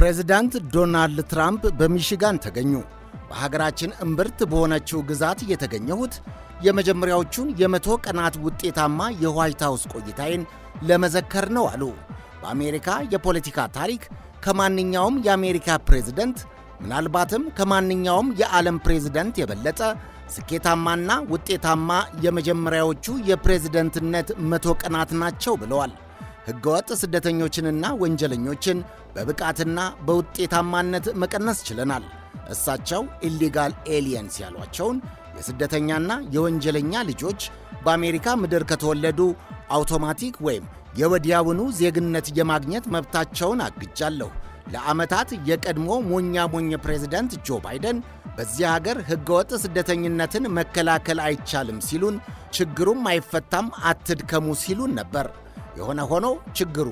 ፕሬዚዳንት ዶናልድ ትራምፕ በሚሽጋን ተገኙ። በሀገራችን እምብርት በሆነችው ግዛት የተገኘሁት የመጀመሪያዎቹን የመቶ ቀናት ውጤታማ የዋይት ሃውስ ቆይታዬን ለመዘከር ነው አሉ። በአሜሪካ የፖለቲካ ታሪክ ከማንኛውም የአሜሪካ ፕሬዝደንት ምናልባትም ከማንኛውም የዓለም ፕሬዝደንት የበለጠ ስኬታማና ውጤታማ የመጀመሪያዎቹ የፕሬዝደንትነት መቶ ቀናት ናቸው ብለዋል። ሕገወጥ ስደተኞችንና ወንጀለኞችን በብቃትና በውጤታማነት መቀነስ ችለናል። እሳቸው ኢሊጋል ኤሊየንስ ያሏቸውን የስደተኛና የወንጀለኛ ልጆች በአሜሪካ ምድር ከተወለዱ አውቶማቲክ ወይም የወዲያውኑ ዜግነት የማግኘት መብታቸውን አግጃለሁ። ለዓመታት የቀድሞ ሞኛ ሞኝ ፕሬዝደንት ጆ ባይደን በዚህ ሀገር ሕገወጥ ስደተኝነትን መከላከል አይቻልም ሲሉን፣ ችግሩም አይፈታም አትድከሙ ሲሉን ነበር። የሆነ ሆኖ ችግሩ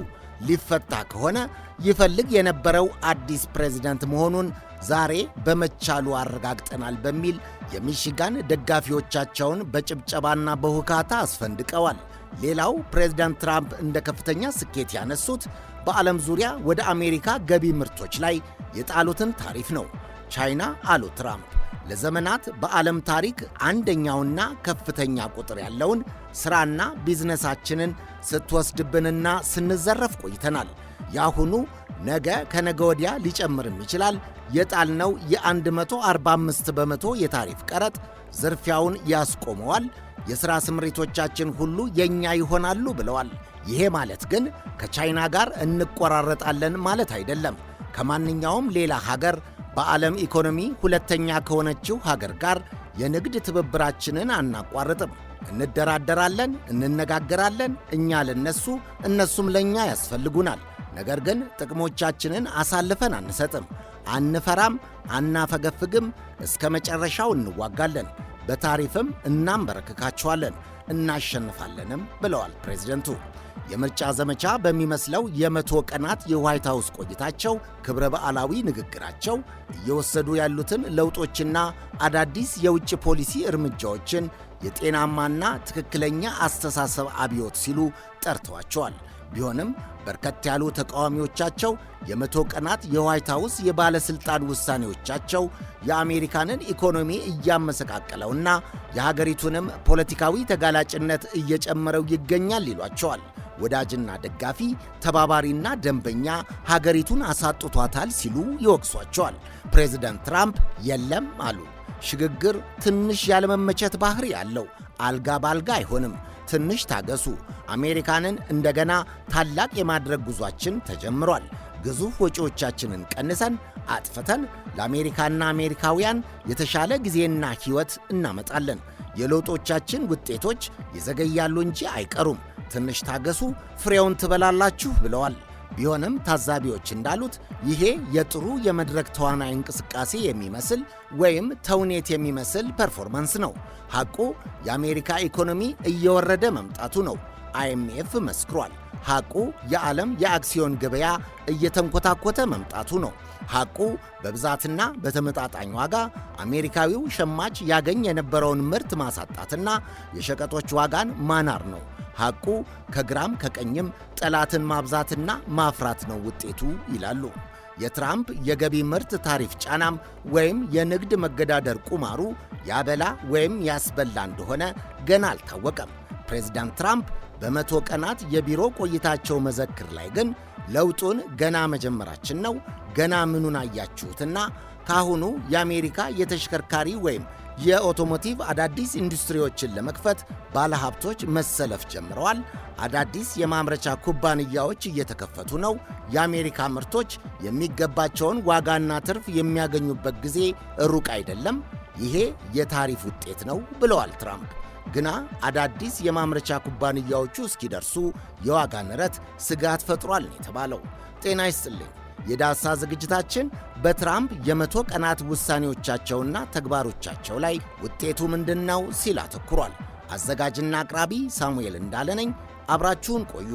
ሊፈታ ከሆነ ይፈልግ የነበረው አዲስ ፕሬዝደንት መሆኑን ዛሬ በመቻሉ አረጋግጠናል በሚል የሚሽጋን ደጋፊዎቻቸውን በጭብጨባና በሁካታ አስፈንድቀዋል። ሌላው ፕሬዝዳንት ትራምፕ እንደ ከፍተኛ ስኬት ያነሱት በዓለም ዙሪያ ወደ አሜሪካ ገቢ ምርቶች ላይ የጣሉትን ታሪፍ ነው። ቻይና አሉ ትራምፕ ለዘመናት በዓለም ታሪክ አንደኛውና ከፍተኛ ቁጥር ያለውን ሥራና ቢዝነሳችንን ስትወስድብንና ስንዘረፍ ቆይተናል። የአሁኑ ነገ ከነገ ወዲያ ሊጨምርም ይችላል። የጣልነው የ145 በመቶ የታሪፍ ቀረጥ ዝርፊያውን ያስቆመዋል፣ የሥራ ስምሪቶቻችን ሁሉ የእኛ ይሆናሉ ብለዋል። ይሄ ማለት ግን ከቻይና ጋር እንቆራረጣለን ማለት አይደለም። ከማንኛውም ሌላ ሀገር በዓለም ኢኮኖሚ ሁለተኛ ከሆነችው ሀገር ጋር የንግድ ትብብራችንን አናቋርጥም። እንደራደራለን፣ እንነጋገራለን። እኛ ለነሱ እነሱም ለእኛ ያስፈልጉናል። ነገር ግን ጥቅሞቻችንን አሳልፈን አንሰጥም። አንፈራም፣ አናፈገፍግም። እስከ መጨረሻው እንዋጋለን። በታሪፍም እናንበረክካችኋለን፣ እናሸንፋለንም ብለዋል ፕሬዚደንቱ። የምርጫ ዘመቻ በሚመስለው የመቶ ቀናት የዋይት ሀውስ ቆይታቸው ክብረ በዓላዊ ንግግራቸው እየወሰዱ ያሉትን ለውጦችና አዳዲስ የውጭ ፖሊሲ እርምጃዎችን የጤናማና ትክክለኛ አስተሳሰብ አብዮት ሲሉ ጠርተዋቸዋል። ቢሆንም በርከት ያሉ ተቃዋሚዎቻቸው የመቶ ቀናት የዋይት ሀውስ የባለሥልጣን ውሳኔዎቻቸው የአሜሪካንን ኢኮኖሚ እያመሰቃቀለውና የሀገሪቱንም ፖለቲካዊ ተጋላጭነት እየጨመረው ይገኛል ይሏቸዋል። ወዳጅና ደጋፊ፣ ተባባሪና ደንበኛ ሀገሪቱን አሳጥቷታል ሲሉ ይወቅሷቸዋል። ፕሬዚደንት ትራምፕ የለም አሉ። ሽግግር ትንሽ ያለመመቸት ባህሪ አለው። አልጋ ባልጋ አይሆንም። ትንሽ ታገሱ። አሜሪካንን እንደገና ታላቅ የማድረግ ጉዟችን ተጀምሯል። ግዙፍ ወጪዎቻችንን ቀንሰን አጥፍተን ለአሜሪካና አሜሪካውያን የተሻለ ጊዜና ሕይወት እናመጣለን። የለውጦቻችን ውጤቶች ይዘገያሉ እንጂ አይቀሩም። ትንሽ ታገሱ፣ ፍሬውን ትበላላችሁ ብለዋል። ቢሆንም ታዛቢዎች እንዳሉት ይሄ የጥሩ የመድረክ ተዋናይ እንቅስቃሴ የሚመስል ወይም ተውኔት የሚመስል ፐርፎርማንስ ነው። ሐቁ የአሜሪካ ኢኮኖሚ እየወረደ መምጣቱ ነው። አይኤምኤፍ መስክሯል። ሐቁ የዓለም የአክሲዮን ገበያ እየተንኮታኮተ መምጣቱ ነው። ሐቁ በብዛትና በተመጣጣኝ ዋጋ አሜሪካዊው ሸማች ያገኝ የነበረውን ምርት ማሳጣትና የሸቀጦች ዋጋን ማናር ነው። ሐቁ ከግራም ከቀኝም ጠላትን ማብዛትና ማፍራት ነው ውጤቱ ይላሉ። የትራምፕ የገቢ ምርት ታሪፍ ጫናም ወይም የንግድ መገዳደር ቁማሩ ያበላ ወይም ያስበላ እንደሆነ ገና አልታወቀም። ፕሬዚዳንት ትራምፕ በመቶ ቀናት የቢሮ ቆይታቸው መዘክር ላይ ግን ለውጡን ገና መጀመራችን ነው፣ ገና ምኑን አያችሁትና ካሁኑ የአሜሪካ የተሽከርካሪ ወይም የኦቶሞቲቭ አዳዲስ ኢንዱስትሪዎችን ለመክፈት ባለሀብቶች መሰለፍ ጀምረዋል። አዳዲስ የማምረቻ ኩባንያዎች እየተከፈቱ ነው። የአሜሪካ ምርቶች የሚገባቸውን ዋጋና ትርፍ የሚያገኙበት ጊዜ ሩቅ አይደለም። ይሄ የታሪፍ ውጤት ነው ብለዋል ትራምፕ። ግና አዳዲስ የማምረቻ ኩባንያዎቹ እስኪደርሱ የዋጋ ንረት ስጋት ፈጥሯል ነው የተባለው። ጤና ይስጥልኝ። የዳሳ ዝግጅታችን በትራምፕ የመቶ ቀናት ውሳኔዎቻቸውና ተግባሮቻቸው ላይ ውጤቱ ምንድን ነው ሲል አተኩሯል። አዘጋጅና አቅራቢ ሳሙኤል እንዳለ ነኝ። አብራችሁን ቆዩ።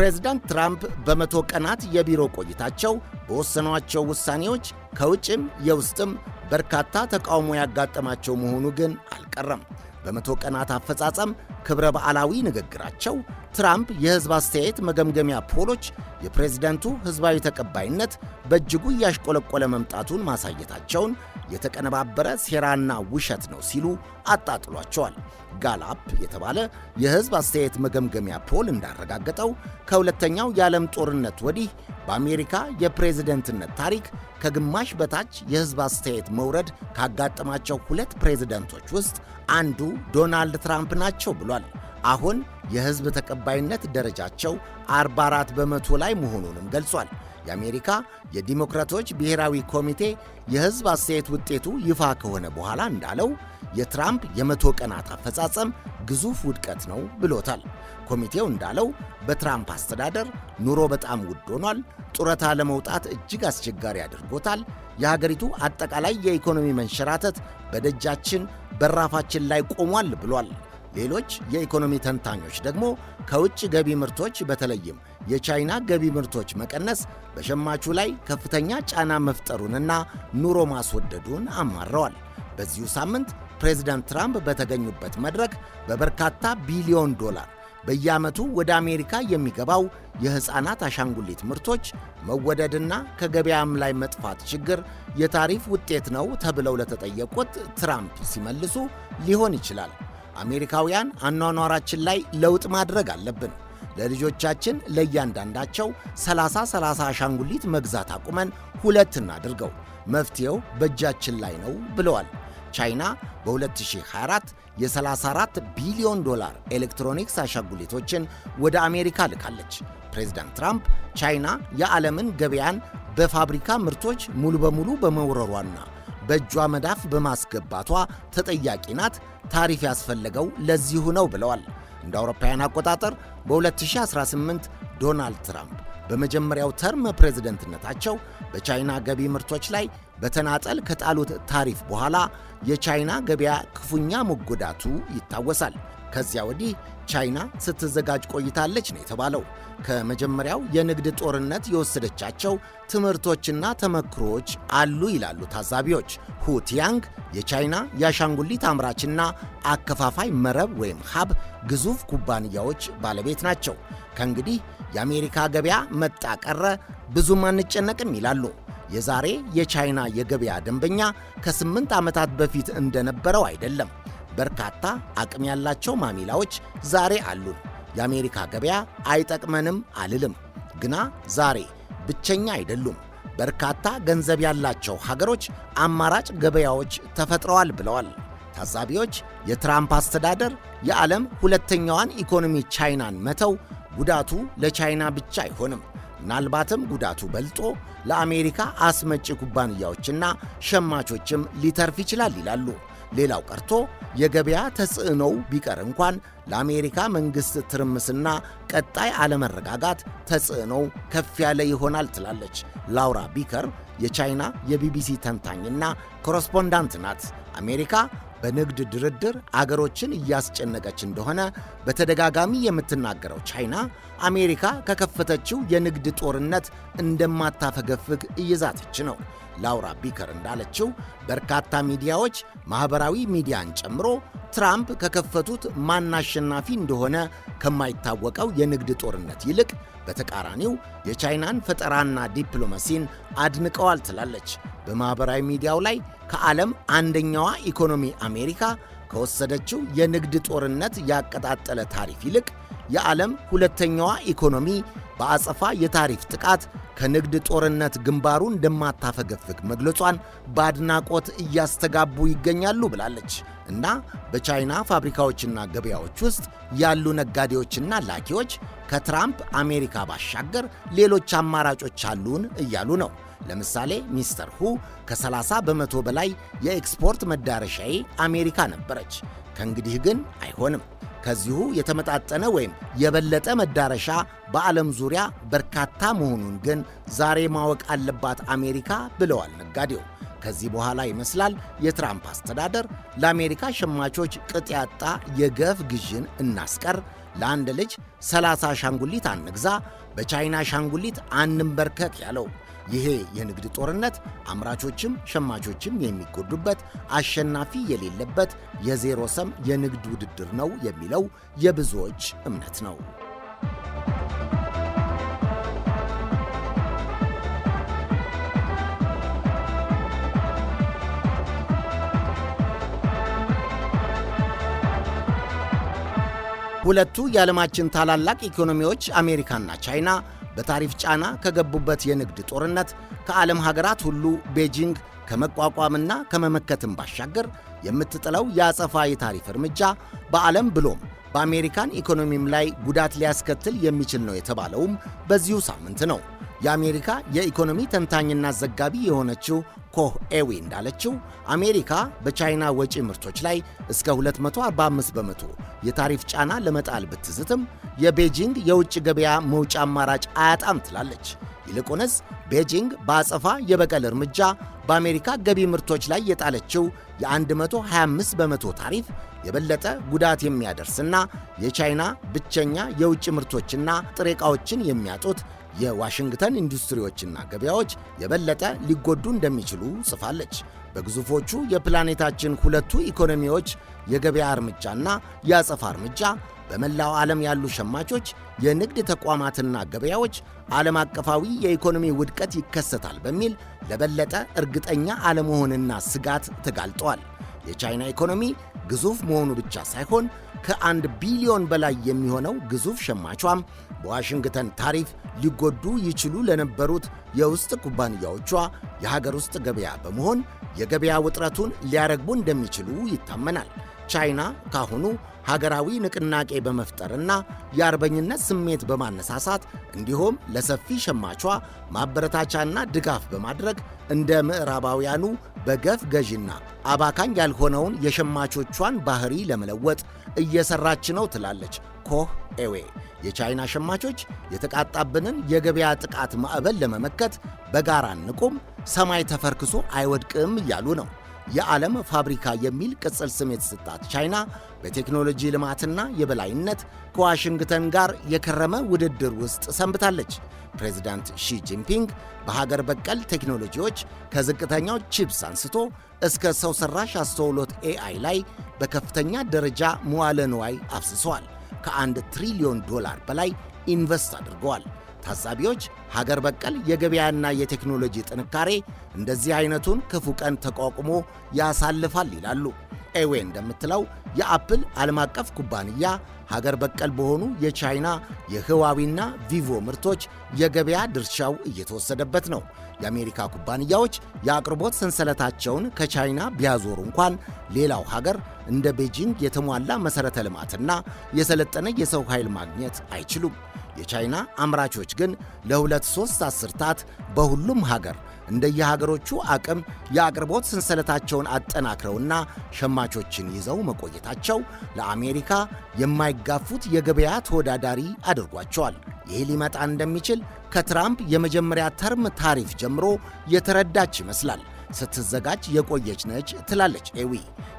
ፕሬዝዳንት ትራምፕ በመቶ ቀናት የቢሮ ቆይታቸው በወሰኗቸው ውሳኔዎች ከውጭም የውስጥም በርካታ ተቃውሞ ያጋጠማቸው መሆኑ ግን አልቀረም። በመቶ ቀናት አፈጻጸም ክብረ በዓላዊ ንግግራቸው ትራምፕ የህዝብ አስተያየት መገምገሚያ ፖሎች የፕሬዝደንቱ ህዝባዊ ተቀባይነት በእጅጉ እያሽቆለቆለ መምጣቱን ማሳየታቸውን የተቀነባበረ ሴራና ውሸት ነው ሲሉ አጣጥሏቸዋል። ጋላፕ የተባለ የህዝብ አስተያየት መገምገሚያ ፖል እንዳረጋገጠው ከሁለተኛው የዓለም ጦርነት ወዲህ በአሜሪካ የፕሬዝደንትነት ታሪክ ከግማሽ በታች የህዝብ አስተያየት መውረድ ካጋጠማቸው ሁለት ፕሬዝደንቶች ውስጥ አንዱ ዶናልድ ትራምፕ ናቸው ብሏል። አሁን የሕዝብ ተቀባይነት ደረጃቸው 44 በመቶ ላይ መሆኑንም ገልጿል። የአሜሪካ የዲሞክራቶች ብሔራዊ ኮሚቴ የሕዝብ አስተያየት ውጤቱ ይፋ ከሆነ በኋላ እንዳለው የትራምፕ የመቶ ቀናት አፈጻጸም ግዙፍ ውድቀት ነው ብሎታል። ኮሚቴው እንዳለው በትራምፕ አስተዳደር ኑሮ በጣም ውድ ሆኗል፣ ጡረታ ለመውጣት እጅግ አስቸጋሪ አድርጎታል፣ የሀገሪቱ አጠቃላይ የኢኮኖሚ መንሸራተት በደጃችን በራፋችን ላይ ቆሟል ብሏል። ሌሎች የኢኮኖሚ ተንታኞች ደግሞ ከውጭ ገቢ ምርቶች በተለይም የቻይና ገቢ ምርቶች መቀነስ በሸማቹ ላይ ከፍተኛ ጫና መፍጠሩንና ኑሮ ማስወደዱን አማረዋል። በዚሁ ሳምንት ፕሬዚዳንት ትራምፕ በተገኙበት መድረክ በበርካታ ቢሊዮን ዶላር በየዓመቱ ወደ አሜሪካ የሚገባው የሕፃናት አሻንጉሊት ምርቶች መወደድና ከገበያም ላይ መጥፋት ችግር የታሪፍ ውጤት ነው ተብለው ለተጠየቁት ትራምፕ ሲመልሱ ሊሆን ይችላል አሜሪካውያን አኗኗራችን ላይ ለውጥ ማድረግ አለብን። ለልጆቻችን ለእያንዳንዳቸው 30 30 አሻንጉሊት መግዛት አቁመን ሁለት እናድርገው። መፍትሄው በእጃችን ላይ ነው ብለዋል። ቻይና በ2024 የ34 ቢሊዮን ዶላር ኤሌክትሮኒክስ አሻንጉሊቶችን ወደ አሜሪካ ልካለች። ፕሬዚዳንት ትራምፕ ቻይና የዓለምን ገበያን በፋብሪካ ምርቶች ሙሉ በሙሉ በመውረሯና በእጇ መዳፍ በማስገባቷ ተጠያቂ ናት። ታሪፍ ያስፈለገው ለዚሁ ነው ብለዋል። እንደ አውሮፓውያን አቆጣጠር በ2018 ዶናልድ ትራምፕ በመጀመሪያው ተርም ፕሬዝደንትነታቸው በቻይና ገቢ ምርቶች ላይ በተናጠል ከጣሉት ታሪፍ በኋላ የቻይና ገበያ ክፉኛ መጎዳቱ ይታወሳል። ከዚያ ወዲህ ቻይና ስትዘጋጅ ቆይታለች ነው የተባለው። ከመጀመሪያው የንግድ ጦርነት የወሰደቻቸው ትምህርቶችና ተመክሮዎች አሉ ይላሉ ታዛቢዎች። ሁቲያንግ የቻይና የአሻንጉሊት አምራችና አከፋፋይ መረብ ወይም ሀብ ግዙፍ ኩባንያዎች ባለቤት ናቸው። ከእንግዲህ የአሜሪካ ገበያ መጣ ቀረ ብዙም አንጨነቅም ይላሉ። የዛሬ የቻይና የገበያ ደንበኛ ከስምንት ዓመታት በፊት እንደነበረው አይደለም። በርካታ አቅም ያላቸው ማሚላዎች ዛሬ አሉን። የአሜሪካ ገበያ አይጠቅመንም አልልም፣ ግና ዛሬ ብቸኛ አይደሉም። በርካታ ገንዘብ ያላቸው ሀገሮች አማራጭ ገበያዎች ተፈጥረዋል ብለዋል ታዛቢዎች። የትራምፕ አስተዳደር የዓለም ሁለተኛዋን ኢኮኖሚ ቻይናን መተው ጉዳቱ ለቻይና ብቻ አይሆንም፣ ምናልባትም ጉዳቱ በልጦ ለአሜሪካ አስመጪ ኩባንያዎችና ሸማቾችም ሊተርፍ ይችላል ይላሉ። ሌላው ቀርቶ የገበያ ተጽዕኖው ቢቀር እንኳን ለአሜሪካ መንግሥት ትርምስና ቀጣይ አለመረጋጋት ተጽዕኖው ከፍ ያለ ይሆናል ትላለች ላውራ ቢከር የቻይና የቢቢሲ ተንታኝና ኮረስፖንዳንት ናት። አሜሪካ በንግድ ድርድር አገሮችን እያስጨነቀች እንደሆነ በተደጋጋሚ የምትናገረው ቻይና አሜሪካ ከከፈተችው የንግድ ጦርነት እንደማታፈገፍግ እየዛተች ነው። ላውራ ቢከር እንዳለችው በርካታ ሚዲያዎች ማኅበራዊ ሚዲያን ጨምሮ ትራምፕ ከከፈቱት ማን አሸናፊ እንደሆነ ከማይታወቀው የንግድ ጦርነት ይልቅ በተቃራኒው የቻይናን ፈጠራና ዲፕሎማሲን አድንቀዋል ትላለች። በማኅበራዊ ሚዲያው ላይ ከዓለም አንደኛዋ ኢኮኖሚ አሜሪካ ከወሰደችው የንግድ ጦርነት ያቀጣጠለ ታሪፍ ይልቅ የዓለም ሁለተኛዋ ኢኮኖሚ በአጸፋ የታሪፍ ጥቃት ከንግድ ጦርነት ግንባሩ እንደማታፈገፍግ መግለጿን በአድናቆት እያስተጋቡ ይገኛሉ ብላለች እና በቻይና ፋብሪካዎችና ገበያዎች ውስጥ ያሉ ነጋዴዎችና ላኪዎች ከትራምፕ አሜሪካ ባሻገር ሌሎች አማራጮች አሉን እያሉ ነው። ለምሳሌ ሚስተር ሁ ከ30 በመቶ በላይ የኤክስፖርት መዳረሻዬ አሜሪካ ነበረች፣ ከእንግዲህ ግን አይሆንም ከዚሁ የተመጣጠነ ወይም የበለጠ መዳረሻ በዓለም ዙሪያ በርካታ መሆኑን ግን ዛሬ ማወቅ አለባት አሜሪካ ብለዋል ነጋዴው። ከዚህ በኋላ ይመስላል የትራምፕ አስተዳደር ለአሜሪካ ሸማቾች ቅጥ ያጣ የገፍ ግዥን እናስቀር፣ ለአንድ ልጅ 30 አሻንጉሊት አንግዛ፣ በቻይና አሻንጉሊት አንንበርከክ ያለው ይሄ የንግድ ጦርነት አምራቾችም ሸማቾችም የሚጎዱበት አሸናፊ የሌለበት የዜሮ ሰም የንግድ ውድድር ነው የሚለው የብዙዎች እምነት ነው። ሁለቱ የዓለማችን ታላላቅ ኢኮኖሚዎች አሜሪካና ቻይና በታሪፍ ጫና ከገቡበት የንግድ ጦርነት ከዓለም ሀገራት ሁሉ ቤጂንግ ከመቋቋምና ከመመከትም ባሻገር የምትጥለው የአጸፋ የታሪፍ እርምጃ በዓለም ብሎም በአሜሪካን ኢኮኖሚም ላይ ጉዳት ሊያስከትል የሚችል ነው የተባለውም በዚሁ ሳምንት ነው። የአሜሪካ የኢኮኖሚ ተንታኝና ዘጋቢ የሆነችው ኮህ ኤዊ እንዳለችው አሜሪካ በቻይና ወጪ ምርቶች ላይ እስከ 245 በመቶ የታሪፍ ጫና ለመጣል ብትዝትም የቤጂንግ የውጭ ገበያ መውጫ አማራጭ አያጣም ትላለች። ይልቁንስ ቤጂንግ በአጸፋ የበቀል እርምጃ በአሜሪካ ገቢ ምርቶች ላይ የጣለችው የ125 በመቶ ታሪፍ የበለጠ ጉዳት የሚያደርስና የቻይና ብቸኛ የውጭ ምርቶችና ጥሬ ዕቃዎችን የሚያጡት የዋሽንግተን ኢንዱስትሪዎችና ገበያዎች የበለጠ ሊጎዱ እንደሚችሉ ጽፋለች። በግዙፎቹ የፕላኔታችን ሁለቱ ኢኮኖሚዎች የገበያ እርምጃና የአጸፋ እርምጃ በመላው ዓለም ያሉ ሸማቾች፣ የንግድ ተቋማትና ገበያዎች ዓለም አቀፋዊ የኢኮኖሚ ውድቀት ይከሰታል በሚል ለበለጠ እርግጠኛ አለመሆንና ስጋት ተጋልጠዋል። የቻይና ኢኮኖሚ ግዙፍ መሆኑ ብቻ ሳይሆን ከአንድ ቢሊዮን በላይ የሚሆነው ግዙፍ ሸማቿም በዋሽንግተን ታሪፍ ሊጎዱ ይችሉ ለነበሩት የውስጥ ኩባንያዎቿ የሀገር ውስጥ ገበያ በመሆን የገበያ ውጥረቱን ሊያረግቡ እንደሚችሉ ይታመናል። ቻይና ካሁኑ ሀገራዊ ንቅናቄ በመፍጠርና የአርበኝነት ስሜት በማነሳሳት እንዲሁም ለሰፊ ሸማቿ ማበረታቻና ድጋፍ በማድረግ እንደ ምዕራባውያኑ በገፍ ገዢና አባካኝ ያልሆነውን የሸማቾቿን ባህሪ ለመለወጥ እየሰራች ነው ትላለች ኮህ ኤዌ። የቻይና ሸማቾች የተቃጣብንን የገበያ ጥቃት ማዕበል ለመመከት በጋራ እንቁም፣ ሰማይ ተፈርክሶ አይወድቅም እያሉ ነው። የዓለም ፋብሪካ የሚል ቅጽል ስም የተሰጣት ቻይና በቴክኖሎጂ ልማትና የበላይነት ከዋሽንግተን ጋር የከረመ ውድድር ውስጥ ሰንብታለች። ፕሬዚዳንት ሺ ጂንፒንግ በሀገር በቀል ቴክኖሎጂዎች ከዝቅተኛው ቺፕስ አንስቶ እስከ ሰው ሠራሽ አስተውሎት ኤአይ ላይ በከፍተኛ ደረጃ መዋለ ንዋይ አፍስሰዋል። ከአንድ ትሪሊዮን ዶላር በላይ ኢንቨስት አድርገዋል። ታዛቢዎች ሀገር በቀል የገበያና የቴክኖሎጂ ጥንካሬ እንደዚህ አይነቱን ክፉ ቀን ተቋቁሞ ያሳልፋል ይላሉ። ኤዌ እንደምትለው የአፕል ዓለም አቀፍ ኩባንያ ሀገር በቀል በሆኑ የቻይና የህዋዊና ቪቮ ምርቶች የገበያ ድርሻው እየተወሰደበት ነው። የአሜሪካ ኩባንያዎች የአቅርቦት ሰንሰለታቸውን ከቻይና ቢያዞሩ እንኳን ሌላው ሀገር እንደ ቤጂንግ የተሟላ መሠረተ ልማትና የሰለጠነ የሰው ኃይል ማግኘት አይችሉም። የቻይና አምራቾች ግን ለሁለት ሦስት አስርታት በሁሉም ሀገር እንደየሀገሮቹ አቅም የአቅርቦት ሰንሰለታቸውን አጠናክረውና ሸማቾችን ይዘው መቆየታቸው ለአሜሪካ የማይጋፉት የገበያ ተወዳዳሪ አድርጓቸዋል። ይህ ሊመጣ እንደሚችል ከትራምፕ የመጀመሪያ ተርም ታሪፍ ጀምሮ የተረዳች ይመስላል። ስትዘጋጅ የቆየች ነች ትላለች ኤዊ።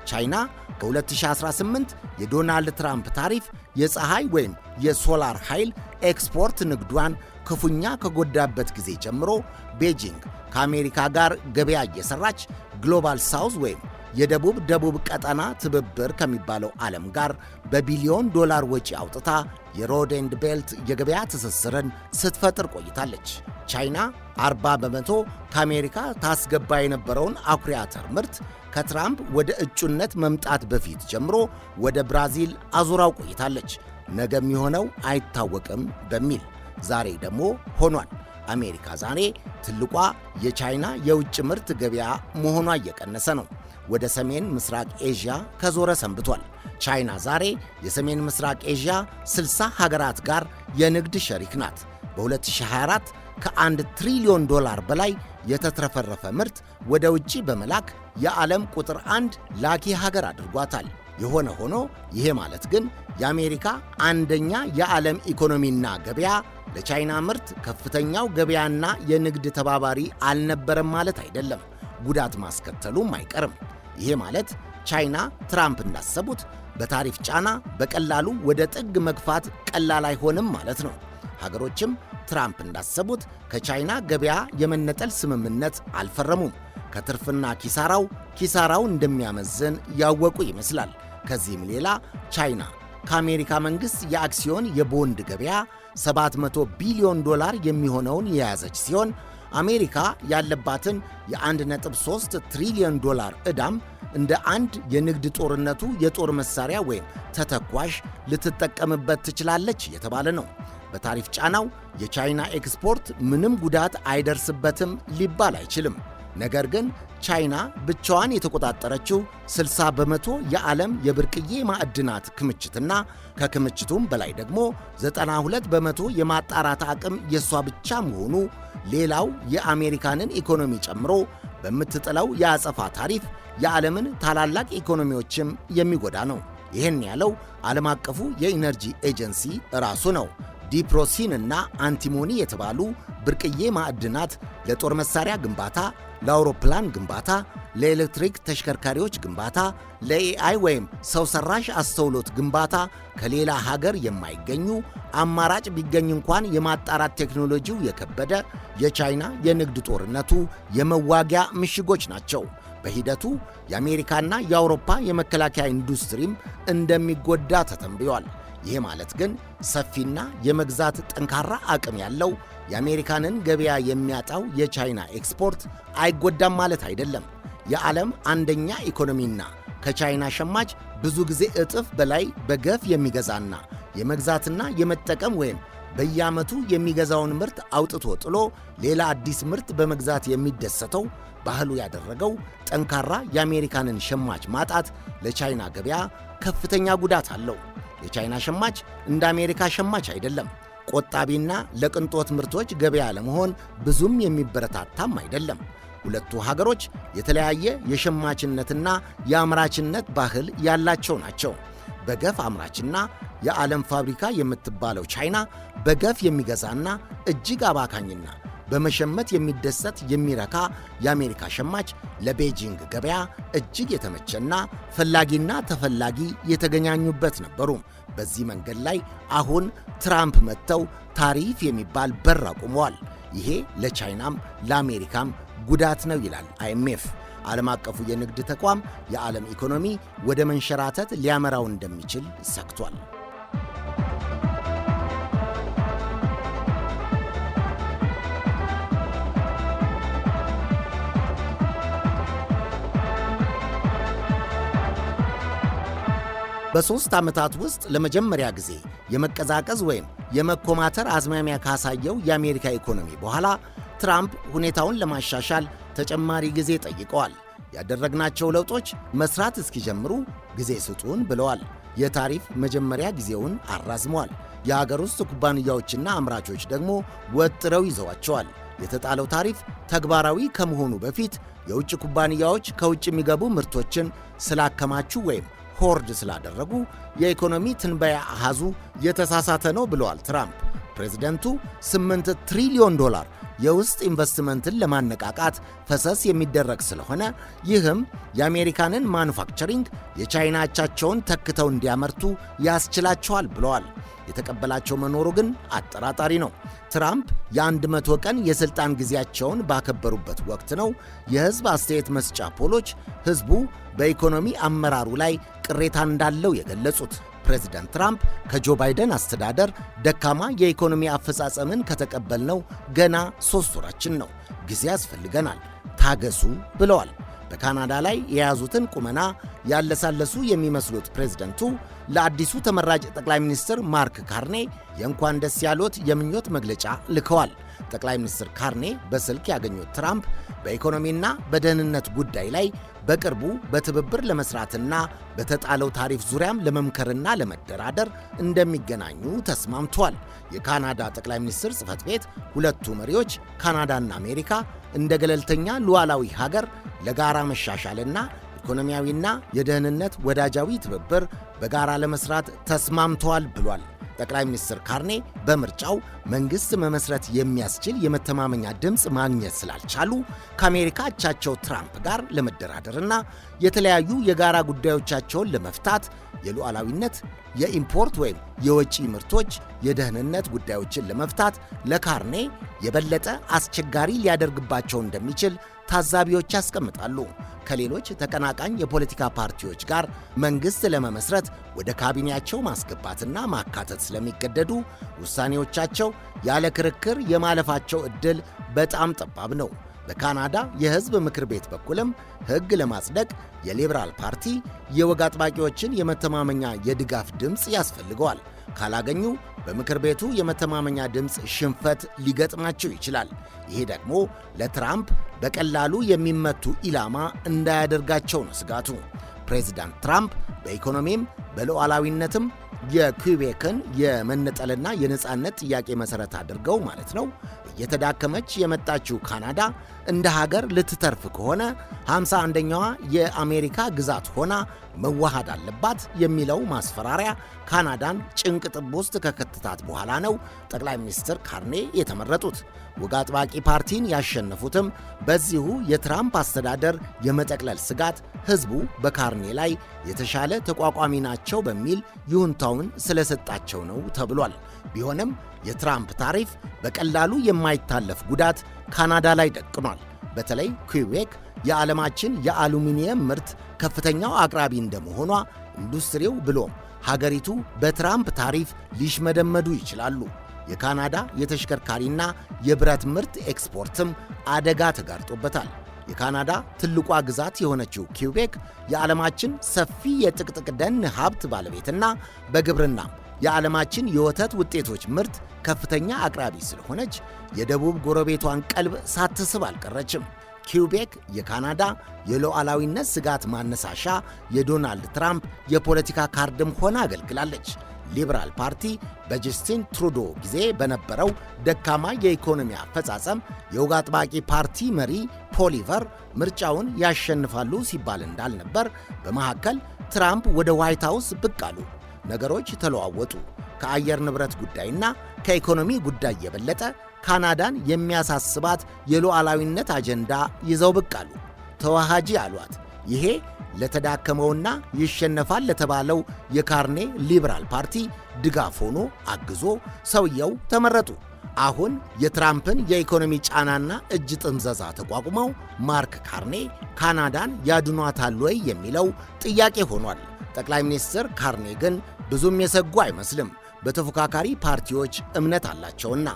ቻይና ከ2018 የዶናልድ ትራምፕ ታሪፍ የፀሐይ ወይም የሶላር ኃይል ኤክስፖርት ንግዷን ክፉኛ ከጎዳበት ጊዜ ጀምሮ ቤጂንግ ከአሜሪካ ጋር ገበያ እየሰራች ግሎባል ሳውዝ ወይም የደቡብ ደቡብ ቀጠና ትብብር ከሚባለው ዓለም ጋር በቢሊዮን ዶላር ወጪ አውጥታ የሮድ ኤንድ ቤልት የገበያ ትስስርን ስትፈጥር ቆይታለች። ቻይና 40 በመቶ ከአሜሪካ ታስገባ የነበረውን አኩሪ አተር ምርት ከትራምፕ ወደ እጩነት መምጣት በፊት ጀምሮ ወደ ብራዚል አዙራው ቆይታለች። ነገ የሚሆነው አይታወቅም በሚል ዛሬ ደግሞ ሆኗል። አሜሪካ ዛሬ ትልቋ የቻይና የውጭ ምርት ገበያ መሆኗ እየቀነሰ ነው። ወደ ሰሜን ምስራቅ ኤዥያ ከዞረ ሰንብቷል። ቻይና ዛሬ የሰሜን ምስራቅ ኤዥያ 60 ሀገራት ጋር የንግድ ሸሪክ ናት። በ2024 ከአንድ ትሪሊዮን ዶላር በላይ የተትረፈረፈ ምርት ወደ ውጭ በመላክ የዓለም ቁጥር አንድ ላኪ ሀገር አድርጓታል። የሆነ ሆኖ ይሄ ማለት ግን የአሜሪካ አንደኛ የዓለም ኢኮኖሚና ገበያ ለቻይና ምርት ከፍተኛው ገበያና የንግድ ተባባሪ አልነበረም ማለት አይደለም። ጉዳት ማስከተሉም አይቀርም። ይሄ ማለት ቻይና ትራምፕ እንዳሰቡት በታሪፍ ጫና በቀላሉ ወደ ጥግ መግፋት ቀላል አይሆንም ማለት ነው። ሀገሮችም ትራምፕ እንዳሰቡት ከቻይና ገበያ የመነጠል ስምምነት አልፈረሙም። ከትርፍና ኪሳራው ኪሳራው እንደሚያመዝን ያወቁ ይመስላል። ከዚህም ሌላ ቻይና ከአሜሪካ መንግሥት የአክሲዮን የቦንድ ገበያ 700 ቢሊዮን ዶላር የሚሆነውን የያዘች ሲሆን አሜሪካ ያለባትን የ1.3 ትሪሊዮን ዶላር ዕዳም እንደ አንድ የንግድ ጦርነቱ የጦር መሳሪያ ወይም ተተኳሽ ልትጠቀምበት ትችላለች የተባለ ነው። በታሪፍ ጫናው የቻይና ኤክስፖርት ምንም ጉዳት አይደርስበትም ሊባል አይችልም። ነገር ግን ቻይና ብቻዋን የተቆጣጠረችው 60 በመቶ የዓለም የብርቅዬ ማዕድናት ክምችትና ከክምችቱም በላይ ደግሞ 92 በመቶ የማጣራት አቅም የእሷ ብቻ መሆኑ ሌላው የአሜሪካንን ኢኮኖሚ ጨምሮ በምትጥለው የአጸፋ ታሪፍ የዓለምን ታላላቅ ኢኮኖሚዎችም የሚጎዳ ነው። ይህን ያለው ዓለም አቀፉ የኢነርጂ ኤጀንሲ ራሱ ነው። ዲፕሮሲን እና አንቲሞኒ የተባሉ ብርቅዬ ማዕድናት ለጦር መሳሪያ ግንባታ ለአውሮፕላን ግንባታ፣ ለኤሌክትሪክ ተሽከርካሪዎች ግንባታ፣ ለኤአይ ወይም ሰው ሰራሽ አስተውሎት ግንባታ ከሌላ ሀገር የማይገኙ አማራጭ ቢገኝ እንኳን የማጣራት ቴክኖሎጂው የከበደ የቻይና የንግድ ጦርነቱ የመዋጊያ ምሽጎች ናቸው። በሂደቱ የአሜሪካና የአውሮፓ የመከላከያ ኢንዱስትሪም እንደሚጎዳ ተተንብዮአል። ይህ ማለት ግን ሰፊና የመግዛት ጠንካራ አቅም ያለው የአሜሪካንን ገበያ የሚያጣው የቻይና ኤክስፖርት አይጎዳም ማለት አይደለም። የዓለም አንደኛ ኢኮኖሚና ከቻይና ሸማች ብዙ ጊዜ እጥፍ በላይ በገፍ የሚገዛና የመግዛትና የመጠቀም ወይም በየዓመቱ የሚገዛውን ምርት አውጥቶ ጥሎ ሌላ አዲስ ምርት በመግዛት የሚደሰተው ባህሉ ያደረገው ጠንካራ የአሜሪካንን ሸማች ማጣት ለቻይና ገበያ ከፍተኛ ጉዳት አለው። የቻይና ሸማች እንደ አሜሪካ ሸማች አይደለም። ቆጣቢና ለቅንጦት ምርቶች ገበያ ለመሆን ብዙም የሚበረታታም አይደለም። ሁለቱ ሀገሮች የተለያየ የሸማችነትና የአምራችነት ባህል ያላቸው ናቸው። በገፍ አምራችና የዓለም ፋብሪካ የምትባለው ቻይና በገፍ የሚገዛና እጅግ አባካኝና በመሸመት የሚደሰት የሚረካ የአሜሪካ ሸማች ለቤጂንግ ገበያ እጅግ የተመቸና ፈላጊና ተፈላጊ የተገኛኙበት ነበሩ። በዚህ መንገድ ላይ አሁን ትራምፕ መጥተው ታሪፍ የሚባል በር አቁመዋል። ይሄ ለቻይናም ለአሜሪካም ጉዳት ነው ይላል አይኤምኤፍ። ዓለም አቀፉ የንግድ ተቋም የዓለም ኢኮኖሚ ወደ መንሸራተት ሊያመራው እንደሚችል ሰግቷል። በሦስት ዓመታት ውስጥ ለመጀመሪያ ጊዜ የመቀዛቀዝ ወይም የመኮማተር አዝማሚያ ካሳየው የአሜሪካ ኢኮኖሚ በኋላ ትራምፕ ሁኔታውን ለማሻሻል ተጨማሪ ጊዜ ጠይቀዋል። ያደረግናቸው ለውጦች መስራት እስኪጀምሩ ጊዜ ስጡን ብለዋል። የታሪፍ መጀመሪያ ጊዜውን አራዝመዋል። የሀገር ውስጥ ኩባንያዎችና አምራቾች ደግሞ ወጥረው ይዘዋቸዋል። የተጣለው ታሪፍ ተግባራዊ ከመሆኑ በፊት የውጭ ኩባንያዎች ከውጭ የሚገቡ ምርቶችን ስላከማችሁ ወይም ሆርድ ስላደረጉ የኢኮኖሚ ትንበያ አሃዙ የተሳሳተ ነው ብለዋል ትራምፕ። ፕሬዝደንቱ 8 ትሪሊዮን ዶላር የውስጥ ኢንቨስትመንትን ለማነቃቃት ፈሰስ የሚደረግ ስለሆነ ይህም የአሜሪካንን ማኑፋክቸሪንግ የቻይናቻቸውን ተክተው እንዲያመርቱ ያስችላቸዋል ብለዋል። የተቀበላቸው መኖሩ ግን አጠራጣሪ ነው። ትራምፕ የ100 ቀን የሥልጣን ጊዜያቸውን ባከበሩበት ወቅት ነው የሕዝብ አስተያየት መስጫ ፖሎች ሕዝቡ በኢኮኖሚ አመራሩ ላይ ቅሬታ እንዳለው የገለጹት። ፕሬዚደንት ትራምፕ ከጆ ባይደን አስተዳደር ደካማ የኢኮኖሚ አፈጻጸምን ከተቀበልነው ገና ሦስት ወራችን ነው፣ ጊዜ ያስፈልገናል፣ ታገሱ ብለዋል። በካናዳ ላይ የያዙትን ቁመና ያለሳለሱ የሚመስሉት ፕሬዝደንቱ ለአዲሱ ተመራጭ ጠቅላይ ሚኒስትር ማርክ ካርኔ የእንኳን ደስ ያሎት የምኞት መግለጫ ልከዋል። ጠቅላይ ሚኒስትር ካርኔ በስልክ ያገኙት ትራምፕ በኢኮኖሚና በደህንነት ጉዳይ ላይ በቅርቡ በትብብር ለመስራትና በተጣለው ታሪፍ ዙሪያም ለመምከርና ለመደራደር እንደሚገናኙ ተስማምቷል። የካናዳ ጠቅላይ ሚኒስትር ጽህፈት ቤት ሁለቱ መሪዎች ካናዳና አሜሪካ እንደ ገለልተኛ ሉዓላዊ ሀገር ለጋራ መሻሻልና ኢኮኖሚያዊና የደህንነት ወዳጃዊ ትብብር በጋራ ለመስራት ተስማምተዋል ብሏል። ጠቅላይ ሚኒስትር ካርኔ በምርጫው መንግሥት መመስረት የሚያስችል የመተማመኛ ድምፅ ማግኘት ስላልቻሉ ከአሜሪካ አቻቸው ትራምፕ ጋር ለመደራደርና የተለያዩ የጋራ ጉዳዮቻቸውን ለመፍታት የሉዓላዊነት፣ የኢምፖርት ወይም የወጪ ምርቶች፣ የደህንነት ጉዳዮችን ለመፍታት ለካርኔ የበለጠ አስቸጋሪ ሊያደርግባቸው እንደሚችል ታዛቢዎች ያስቀምጣሉ። ከሌሎች ተቀናቃኝ የፖለቲካ ፓርቲዎች ጋር መንግሥት ለመመስረት ወደ ካቢኔያቸው ማስገባትና ማካተት ስለሚገደዱ ውሳኔዎቻቸው ያለ ክርክር የማለፋቸው ዕድል በጣም ጠባብ ነው። በካናዳ የሕዝብ ምክር ቤት በኩልም ሕግ ለማጽደቅ የሊበራል ፓርቲ የወግ አጥባቂዎችን የመተማመኛ የድጋፍ ድምፅ ያስፈልገዋል። ካላገኙ በምክር ቤቱ የመተማመኛ ድምፅ ሽንፈት ሊገጥማቸው ይችላል። ይሄ ደግሞ ለትራምፕ በቀላሉ የሚመቱ ኢላማ እንዳያደርጋቸው ነው ስጋቱ። ፕሬዚዳንት ትራምፕ በኢኮኖሚም በሉዓላዊነትም የኩቤክን የመነጠልና የነፃነት ጥያቄ መሠረት አድርገው ማለት ነው እየተዳከመች የመጣችው ካናዳ እንደ ሀገር ልትተርፍ ከሆነ 51ኛዋ የአሜሪካ ግዛት ሆና መዋሃድ አለባት የሚለው ማስፈራሪያ ካናዳን ጭንቅ ጥብ ውስጥ ከከትታት በኋላ ነው ጠቅላይ ሚኒስትር ካርኔ የተመረጡት። ወግ አጥባቂ ፓርቲን ያሸነፉትም በዚሁ የትራምፕ አስተዳደር የመጠቅለል ስጋት ሕዝቡ በካርኔ ላይ የተሻለ ተቋቋሚ ናቸው በሚል ይሁንታውን ስለሰጣቸው ነው ተብሏል። ቢሆንም የትራምፕ ታሪፍ በቀላሉ የማይታለፍ ጉዳት ካናዳ ላይ ደቅኗል። በተለይ ኩዌክ የዓለማችን የአሉሚኒየም ምርት ከፍተኛው አቅራቢ እንደመሆኗ ኢንዱስትሪው ብሎም ሀገሪቱ በትራምፕ ታሪፍ ሊሽመደመዱ ይችላሉ። የካናዳ የተሽከርካሪና የብረት ምርት ኤክስፖርትም አደጋ ተጋርጦበታል። የካናዳ ትልቋ ግዛት የሆነችው ኪውቤክ የዓለማችን ሰፊ የጥቅጥቅ ደን ሀብት ባለቤትና በግብርናም የዓለማችን የወተት ውጤቶች ምርት ከፍተኛ አቅራቢ ስለሆነች የደቡብ ጎረቤቷን ቀልብ ሳትስብ አልቀረችም። ኪውቤክ የካናዳ የሉዓላዊነት ስጋት ማነሳሻ የዶናልድ ትራምፕ የፖለቲካ ካርድም ሆና አገልግላለች። ሊበራል ፓርቲ በጀስቲን ትሩዶ ጊዜ በነበረው ደካማ የኢኮኖሚ አፈጻጸም የወግ አጥባቂ ፓርቲ መሪ ፖሊቨር ምርጫውን ያሸንፋሉ ሲባል እንዳልነበር በመካከል ትራምፕ ወደ ዋይት ሃውስ ብቅ አሉ። ነገሮች ተለዋወጡ። ከአየር ንብረት ጉዳይና ከኢኮኖሚ ጉዳይ የበለጠ ካናዳን የሚያሳስባት የሉዓላዊነት አጀንዳ ይዘው ብቅ አሉ። ተዋሃጂ አሏት። ይሄ ለተዳከመውና ይሸነፋል ለተባለው የካርኔ ሊበራል ፓርቲ ድጋፍ ሆኖ አግዞ ሰውየው ተመረጡ። አሁን የትራምፕን የኢኮኖሚ ጫናና እጅ ጥምዘዛ ተቋቁመው ማርክ ካርኔ ካናዳን ያድኗታል ወይ የሚለው ጥያቄ ሆኗል። ጠቅላይ ሚኒስትር ካርኔ ግን ብዙም የሰጉ አይመስልም። በተፎካካሪ ፓርቲዎች እምነት አላቸውና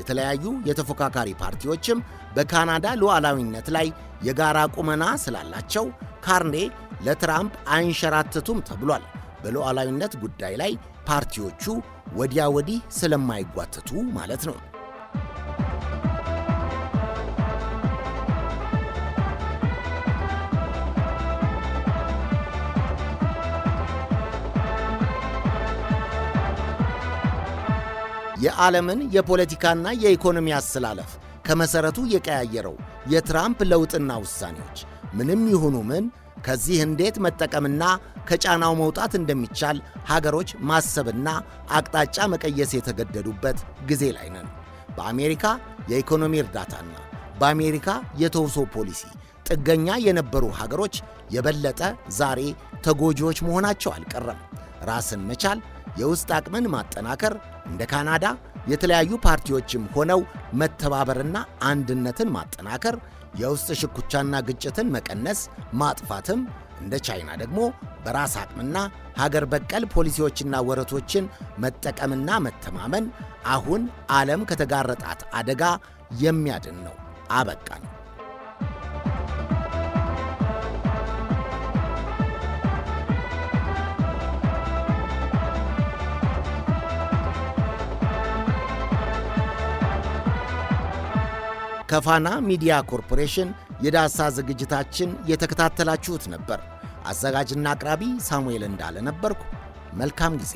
የተለያዩ የተፎካካሪ ፓርቲዎችም በካናዳ ሉዓላዊነት ላይ የጋራ ቁመና ስላላቸው ካርኔ ለትራምፕ አይንሸራትቱም ተብሏል። በሉዓላዊነት ጉዳይ ላይ ፓርቲዎቹ ወዲያ ወዲህ ስለማይጓተቱ ማለት ነው። የዓለምን የፖለቲካና የኢኮኖሚ አሰላለፍ ከመሠረቱ የቀያየረው የትራምፕ ለውጥና ውሳኔዎች ምንም ይሁኑ ምን ከዚህ እንዴት መጠቀምና ከጫናው መውጣት እንደሚቻል ሀገሮች ማሰብና አቅጣጫ መቀየስ የተገደዱበት ጊዜ ላይ ነን። በአሜሪካ የኢኮኖሚ እርዳታና በአሜሪካ የተውሶ ፖሊሲ ጥገኛ የነበሩ ሀገሮች የበለጠ ዛሬ ተጎጂዎች መሆናቸው አልቀረም። ራስን መቻል፣ የውስጥ አቅምን ማጠናከር እንደ ካናዳ የተለያዩ ፓርቲዎችም ሆነው መተባበርና አንድነትን ማጠናከር፣ የውስጥ ሽኩቻና ግጭትን መቀነስ ማጥፋትም፣ እንደ ቻይና ደግሞ በራስ አቅምና ሀገር በቀል ፖሊሲዎችና ወረቶችን መጠቀምና መተማመን አሁን ዓለም ከተጋረጣት አደጋ የሚያድን ነው። አበቃ ነው። ከፋና ሚዲያ ኮርፖሬሽን የዳሳ ዝግጅታችን የተከታተላችሁት ነበር። አዘጋጅና አቅራቢ ሳሙኤል እንዳለ ነበርኩ። መልካም ጊዜ